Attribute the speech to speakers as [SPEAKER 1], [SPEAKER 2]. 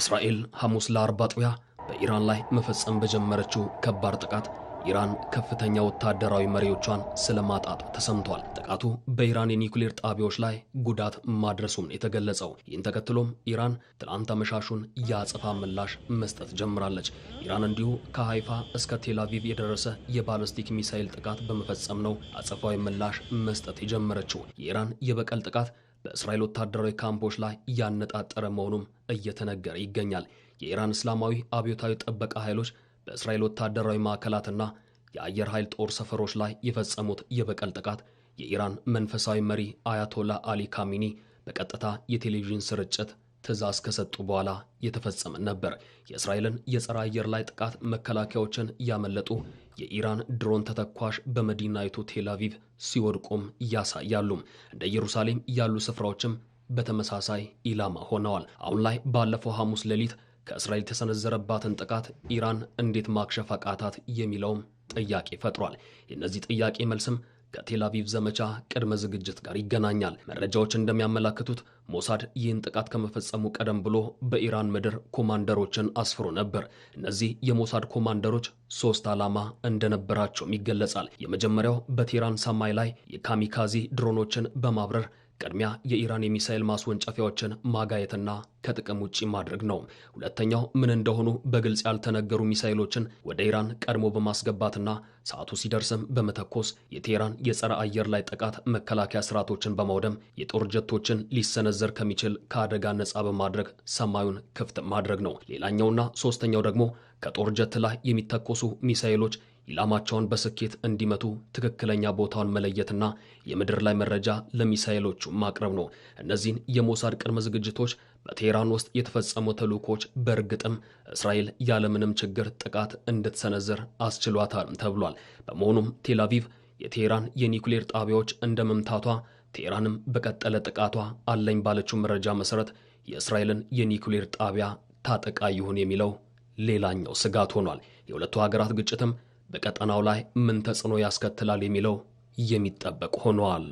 [SPEAKER 1] እስራኤል ሐሙስ ለአርብ አጥቢያ በኢራን ላይ መፈጸም በጀመረችው ከባድ ጥቃት ኢራን ከፍተኛ ወታደራዊ መሪዎቿን ስለማጣጥ ተሰምቷል። ጥቃቱ በኢራን የኒውክሌር ጣቢያዎች ላይ ጉዳት ማድረሱን የተገለጸው። ይህን ተከትሎም ኢራን ትላንት አመሻሹን የአጸፋ ምላሽ መስጠት ጀምራለች። ኢራን እንዲሁ ከሃይፋ እስከ ቴላቪቭ የደረሰ የባለስቲክ ሚሳይል ጥቃት በመፈጸም ነው አጸፋዊ ምላሽ መስጠት የጀመረችው። የኢራን የበቀል ጥቃት በእስራኤል ወታደራዊ ካምፖች ላይ እያነጣጠረ መሆኑም እየተነገረ ይገኛል። የኢራን እስላማዊ አብዮታዊ ጥበቃ ኃይሎች በእስራኤል ወታደራዊ ማዕከላትና የአየር ኃይል ጦር ሰፈሮች ላይ የፈጸሙት የበቀል ጥቃት የኢራን መንፈሳዊ መሪ አያቶላ አሊ ካሚኒ በቀጥታ የቴሌቪዥን ስርጭት ትዕዛዝ ከሰጡ በኋላ የተፈጸመ ነበር። የእስራኤልን የጸረ አየር ላይ ጥቃት መከላከያዎችን ያመለጡ የኢራን ድሮን ተተኳሽ በመዲናይቱ ቴላቪቭ ሲወድቁም ያሳያሉ። እንደ ኢየሩሳሌም ያሉ ስፍራዎችም በተመሳሳይ ኢላማ ሆነዋል። አሁን ላይ ባለፈው ሐሙስ ሌሊት ከእስራኤል የተሰነዘረባትን ጥቃት ኢራን እንዴት ማክሸፍ አቃታት የሚለውም ጥያቄ ፈጥሯል። የእነዚህ ጥያቄ መልስም ከቴላቪቭ ዘመቻ ቅድመ ዝግጅት ጋር ይገናኛል። መረጃዎች እንደሚያመላክቱት ሞሳድ ይህን ጥቃት ከመፈጸሙ ቀደም ብሎ በኢራን ምድር ኮማንደሮችን አስፍሮ ነበር። እነዚህ የሞሳድ ኮማንደሮች ሶስት ዓላማ እንደነበራቸውም ይገለጻል። የመጀመሪያው በቴህራን ሰማይ ላይ የካሚካዚ ድሮኖችን በማብረር ቅድሚያ የኢራን የሚሳኤል ማስወንጨፊያዎችን ማጋየትና ከጥቅም ውጭ ማድረግ ነው። ሁለተኛው ምን እንደሆኑ በግልጽ ያልተነገሩ ሚሳኤሎችን ወደ ኢራን ቀድሞ በማስገባትና ሰዓቱ ሲደርስም በመተኮስ የቴህራን የጸረ አየር ላይ ጥቃት መከላከያ ስርዓቶችን በማውደም የጦር ጀቶችን ሊሰነዘር ከሚችል ከአደጋ ነፃ በማድረግ ሰማዩን ክፍት ማድረግ ነው። ሌላኛውና ሶስተኛው ደግሞ ከጦር ጀት ላይ የሚተኮሱ ሚሳኤሎች ኢላማቸውን በስኬት እንዲመቱ ትክክለኛ ቦታውን መለየትና የምድር ላይ መረጃ ለሚሳይሎቹ ማቅረብ ነው። እነዚህን የሞሳድ ቅድመ ዝግጅቶች በቴህራን ውስጥ የተፈጸሙ ተልዕኮች በእርግጥም እስራኤል ያለምንም ችግር ጥቃት እንድትሰነዝር አስችሏታል ተብሏል። በመሆኑም ቴላቪቭ አቪቭ የቴህራን የኒውክሌር ጣቢያዎች እንደ መምታቷ ቴህራንም በቀጠለ ጥቃቷ አለኝ ባለችው መረጃ መሰረት የእስራኤልን የኒውክሌር ጣቢያ ታጠቃ ይሁን የሚለው ሌላኛው ስጋት ሆኗል። የሁለቱ ሀገራት ግጭትም በቀጠናው ላይ ምን ተጽዕኖ ያስከትላል የሚለው የሚጠበቅ ሆኗል።